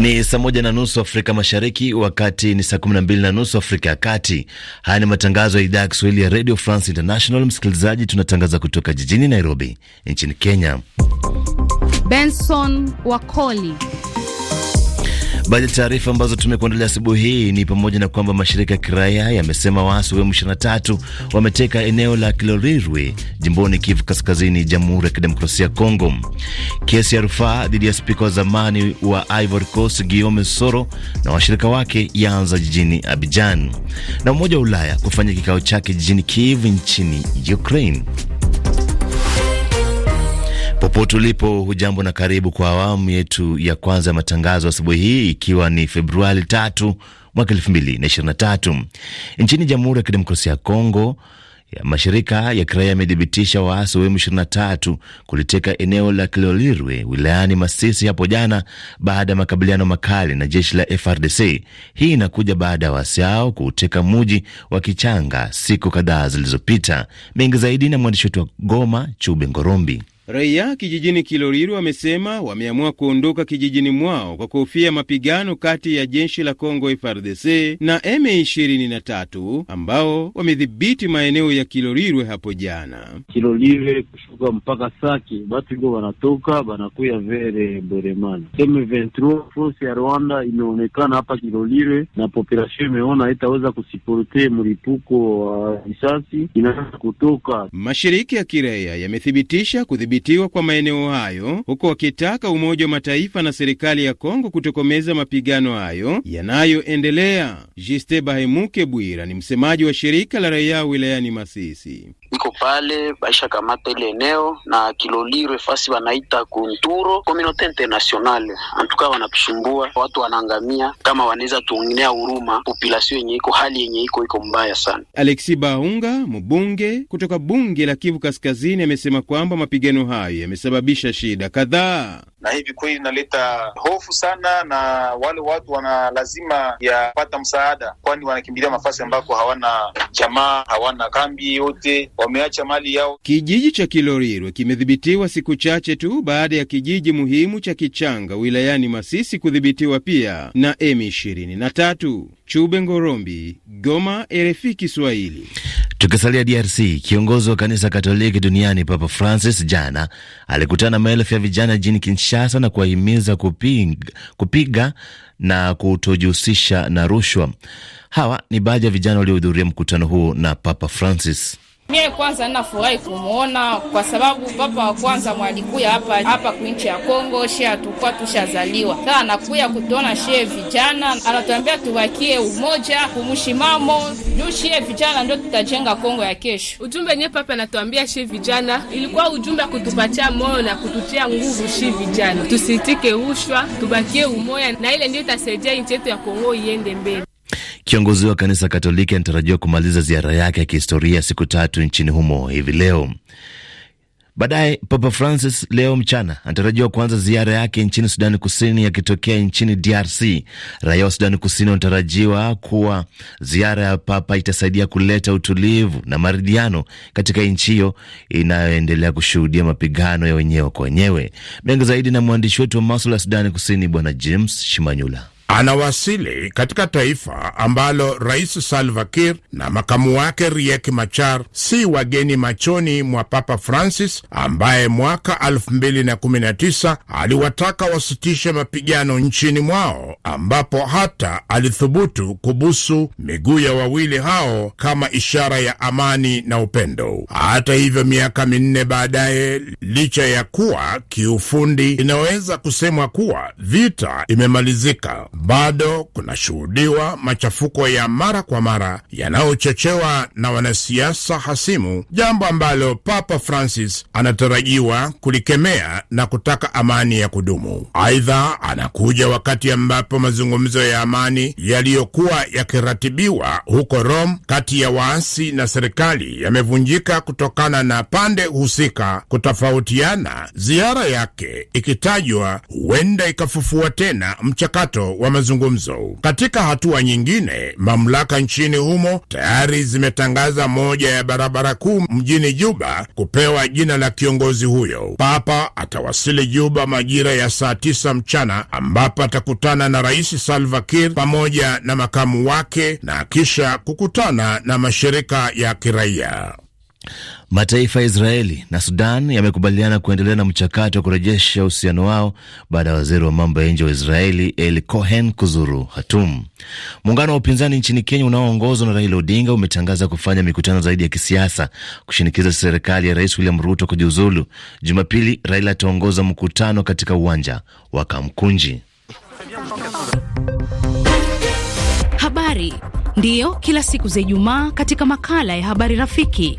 Ni saa moja na nusu Afrika Mashariki, wakati ni saa kumi na mbili na nusu Afrika ya Kati. Haya ni matangazo ya idhaa ya Kiswahili ya Radio France International. Msikilizaji, tunatangaza kutoka jijini Nairobi nchini Kenya. Benson Wakoli Baadhi ya taarifa ambazo tumekuandalia asubuhi hii ni pamoja na kwamba mashirika kiraya, ya kiraia yamesema waasi wa M23 wameteka eneo la Kilolirwe jimboni Kivu Kaskazini, Jamhuri ya Kidemokrasia ya Kongo. Kesi ya rufaa dhidi ya spika wa zamani wa Ivory Coast Guillaume Soro na washirika wake yaanza jijini Abidjan, na Umoja wa Ulaya kufanya kikao chake jijini Kiev nchini Ukraine. Popote ulipo hujambo na karibu kwa awamu yetu ya kwanza ya matangazo asubuhi hii, ikiwa ni Februari tatu mwaka elfu mbili na ishirini na tatu. Nchini Jamhuri ya Kidemokrasia ya Kongo ya mashirika ya kiraia yamedhibitisha waasi wa M23 kuliteka eneo la Kilolirwe wilayani Masisi hapo jana baada ya makabiliano makali na jeshi la FRDC. Hii inakuja baada ya waasi hao kuuteka muji wa Kichanga siku kadhaa zilizopita. Mengi zaidi na mwandishi wetu wa Goma, Chube Ngorombi. Raia kijijini Kiloliru wamesema wameamua kuondoka kijijini mwao kwa kuhofia mapigano kati ya jeshi la congo frdc na M23 ambao wamedhibiti maeneo ya Kilolirwe hapo jana. Kilolirwe kushuka mpaka Sake, batu iko wanatoka banakuya vere Bweremana. M23 force ya Rwanda imeonekana hapa Kilolirwe na population imeona itaweza kusiporte mlipuko wa risasi, inaanza kutoka. Mashirika ya kiraia yamethibitisha kudhibiti kudhibitiwa kwa maeneo hayo, huku wakitaka Umoja wa Mataifa na serikali ya Kongo kutokomeza mapigano hayo yanayoendelea. Jiste Bahemuke Bwira ni msemaji wa shirika la raia wilayani Masisi pale baisha kamata ile eneo na kilolirwe fasi wanaita kunturo komunote internationale antuka wanatusumbua watu wanaangamia, kama wanaweza tuonea huruma populasio yenye iko hali yenye iko iko mbaya sana. Alexi Baunga mbunge kutoka bunge la Kivu Kaskazini amesema kwamba mapigano hayo yamesababisha shida kadhaa na hivi kweli inaleta hofu sana, na wale watu wana lazima ya pata msaada, kwani wanakimbilia mafasi ambako hawana jamaa, hawana kambi, yote wameacha mali yao. Kijiji cha Kilorirwe kimedhibitiwa siku chache tu baada ya kijiji muhimu cha Kichanga wilayani Masisi kudhibitiwa pia na M23. Chube Ngorombi, Goma, RFI Kiswahili. Tukisalia DRC, kiongozi wa kanisa Katoliki duniani Papa Francis jana alikutana maelfu ya vijana jijini Kinshasa na kuwahimiza kupiga, kupiga na kutojihusisha na rushwa. Hawa ni baadhi ya vijana waliohudhuria mkutano huo na Papa Francis. Mie kwanza furai kumuona kwa sababu papa wa kwanza mwalikuya hapa hapa kuinchi ya Kongo, she tusha tushazaliwa. Sasa anakuya kutuona she vijana, anatuambia tubakie umoja kumshimamo juu she vijana ndio tutajenga Kongo ya kesho. Ujumbe nye papa anatuambia she vijana ilikuwa ujumbe kutupatia moyo na kututia nguvu. She vijana tusitike ushwa, tubakie umoja, na ile ndio itasaidia nchi yetu ya Kongo iende mbele. Kiongozi wa kanisa Katoliki anatarajiwa kumaliza ziara yake ya kihistoria siku tatu nchini humo hivi leo. Baadaye Papa Francis leo mchana anatarajiwa kuanza ziara yake nchini Sudani Kusini yakitokea nchini DRC. Raia wa Sudani Kusini wanatarajiwa kuwa ziara ya Papa itasaidia kuleta utulivu na maridhiano katika nchi hiyo inayoendelea kushuhudia mapigano ya wenyewe kwa wenyewe. Mengi zaidi na mwandishi wetu wa maswala ya Sudani Kusini, Bwana James Shimanyula anawasili katika taifa ambalo Rais Salva Kiir na makamu wake Riek Machar si wageni machoni mwa Papa Francis ambaye mwaka 2019 aliwataka wasitishe mapigano nchini mwao, ambapo hata alithubutu kubusu miguu ya wawili hao kama ishara ya amani na upendo. Hata hivyo, miaka minne baadaye, licha ya kuwa kiufundi inaweza kusemwa kuwa vita imemalizika bado kunashuhudiwa machafuko ya mara kwa mara yanayochochewa na wanasiasa hasimu, jambo ambalo Papa Francis anatarajiwa kulikemea na kutaka amani ya kudumu. Aidha, anakuja wakati ambapo mazungumzo ya amani yaliyokuwa yakiratibiwa huko Rome kati ya waasi na serikali yamevunjika kutokana na pande husika kutofautiana, ziara yake ikitajwa huenda ikafufua tena mchakato wa mazungumzo. Katika hatua nyingine, mamlaka nchini humo tayari zimetangaza moja ya barabara kuu mjini Juba kupewa jina la kiongozi huyo. Papa atawasili Juba majira ya saa tisa mchana ambapo atakutana na Rais Salva Kiir pamoja na makamu wake na kisha kukutana na mashirika ya kiraia. Mataifa ya Israeli na Sudan yamekubaliana kuendelea na mchakato wa kurejesha uhusiano wao baada ya waziri wa mambo ya nje wa Israeli Eli Cohen kuzuru Hatum. Muungano wa upinzani nchini Kenya unaoongozwa na Raila Odinga umetangaza kufanya mikutano zaidi ya kisiasa kushinikiza serikali ya Rais William Ruto kujiuzulu. Jumapili, Raila ataongoza mkutano katika uwanja wa Kamkunji. Habari ndiyo kila siku za Ijumaa katika makala ya Habari Rafiki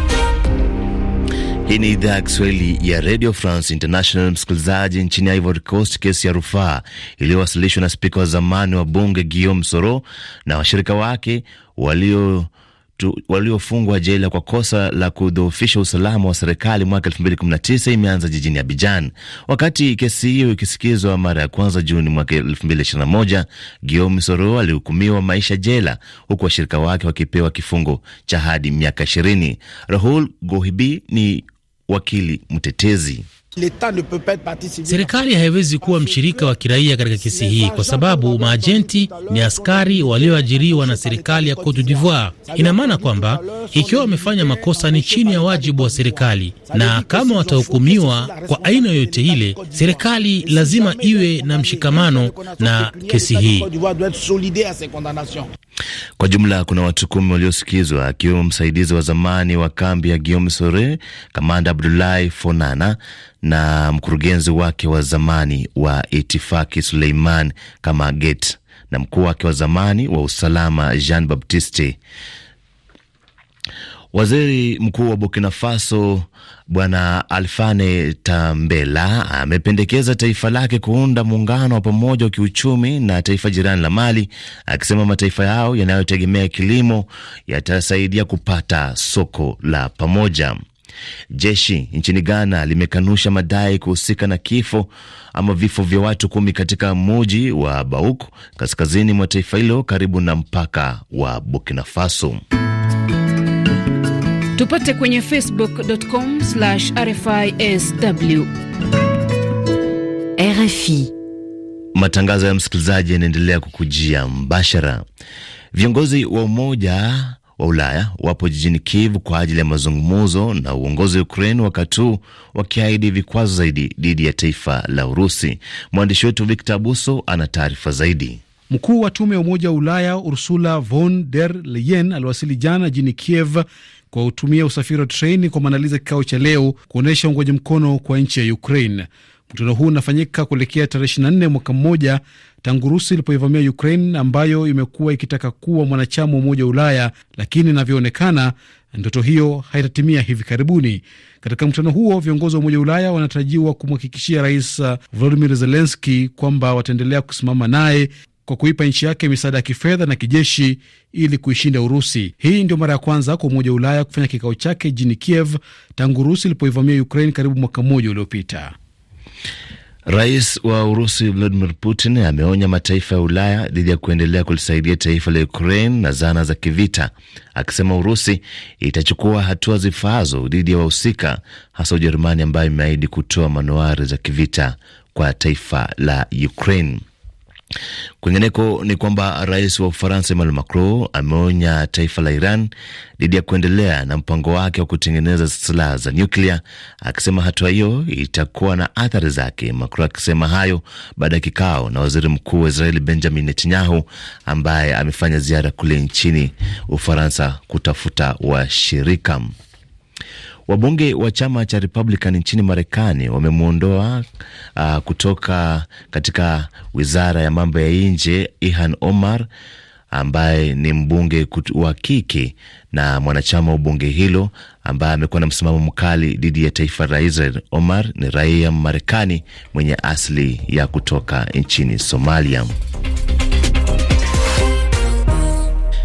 Hii ni idhaa ya Kiswahili ya Radio France International. Msikilizaji, nchini Ivory Coast, kesi ya rufaa iliyowasilishwa na spika wa zamani wa bunge Guillaume Soro na washirika wake walio waliofungwa jela kwa kosa la kudhoofisha usalama wa serikali mwaka 2019 imeanza jijini Abidjan. Wakati kesi hiyo ikisikizwa mara ya kwanza Juni mwaka 2021, Guillaume Soro alihukumiwa maisha jela, huku washirika wake wakipewa kifungo cha hadi miaka 20. Rahul Gohibi ni wakili mtetezi. Serikali haiwezi kuwa mshirika wa kiraia katika kesi hii kwa sababu maajenti ni askari walioajiriwa na serikali ya Cote d'Ivoire. Ina maana kwamba ikiwa wamefanya makosa ni chini ya wajibu wa serikali, na kama watahukumiwa kwa aina yoyote ile, serikali lazima iwe na mshikamano na kesi hii. Kwa jumla kuna watu kumi waliosikizwa akiwemo msaidizi wa zamani wa kambi ya Guillaume Sore, kamanda Abdulahi Fonana na mkurugenzi wake wa zamani wa itifaki Suleiman Kamaget na mkuu wake wa zamani wa usalama Jean Baptiste. Waziri mkuu wa Burkina Faso Bwana Alfane Tambela amependekeza taifa lake kuunda muungano wa pamoja wa kiuchumi na taifa jirani la Mali, akisema mataifa yao yanayotegemea kilimo yatasaidia kupata soko la pamoja. Jeshi nchini Ghana limekanusha madai kuhusika na kifo ama vifo vya watu kumi katika muji wa Bauku kaskazini mwa taifa hilo karibu na mpaka wa Burkina Faso. Tupate kwenye facebook.com RFISW. RFI matangazo ya msikilizaji yanaendelea kukujia mbashara. Viongozi wa Umoja wa Ulaya wapo jijini Kiev kwa ajili ya mazungumzo na uongozi wa Ukraine, wakati huu wakiahidi vikwazo zaidi dhidi ya taifa la Urusi. Mwandishi wetu Victor abuso ana taarifa zaidi. Mkuu wa tume ya Umoja wa Ulaya Ursula von der Leyen aliwasili jana jini Kiev kwa kutumia usafiri wa treni kwa maandalizi ya kikao cha leo kuonyesha uungwaji mkono kwa nchi ya Ukraine. Mkutano huu unafanyika kuelekea tarehe 24 mwaka mmoja tangu Rusi ilipoivamia Ukraine ambayo imekuwa ikitaka kuwa mwanachama wa Umoja wa Ulaya, lakini inavyoonekana ndoto hiyo haitatimia hivi karibuni. Katika mkutano huo, viongozi wa Umoja wa Ulaya wanatarajiwa kumhakikishia Rais uh, Volodimir Zelenski kwamba wataendelea kusimama naye kwa kuipa nchi yake misaada ya kifedha na kijeshi ili kuishinda Urusi. Hii ndio mara ya kwanza kwa Umoja wa Ulaya kufanya kikao chake jijini Kiev tangu Urusi ilipoivamia Ukraine karibu mwaka mmoja uliopita. Rais wa Urusi Vladimir Putin ameonya mataifa ya Ulaya dhidi ya kuendelea kulisaidia taifa la Ukraine na zana za kivita, akisema Urusi itachukua hatua zifaazo dhidi ya wahusika, hasa Ujerumani ambayo imeahidi kutoa manuari za kivita kwa taifa la Ukraine. Kwingineko ni kwamba rais wa Ufaransa Emmanuel Macron ameonya taifa la Iran dhidi ya kuendelea na mpango wake wa kutengeneza silaha za nyuklia, akisema hatua hiyo itakuwa na athari zake. Macron akisema hayo baada ya kikao na waziri mkuu wa Israeli Benjamin Netanyahu, ambaye amefanya ziara kule nchini Ufaransa kutafuta washirika. Wabunge wa chama cha Republican nchini Marekani wamemwondoa uh, ah, kutoka katika wizara ya mambo ya nje Ihan Omar ambaye ni mbunge wa kike na mwanachama wa bunge hilo ambaye amekuwa na msimamo mkali dhidi ya taifa la Israel. Omar ni raia Marekani mwenye asili ya kutoka nchini Somalia.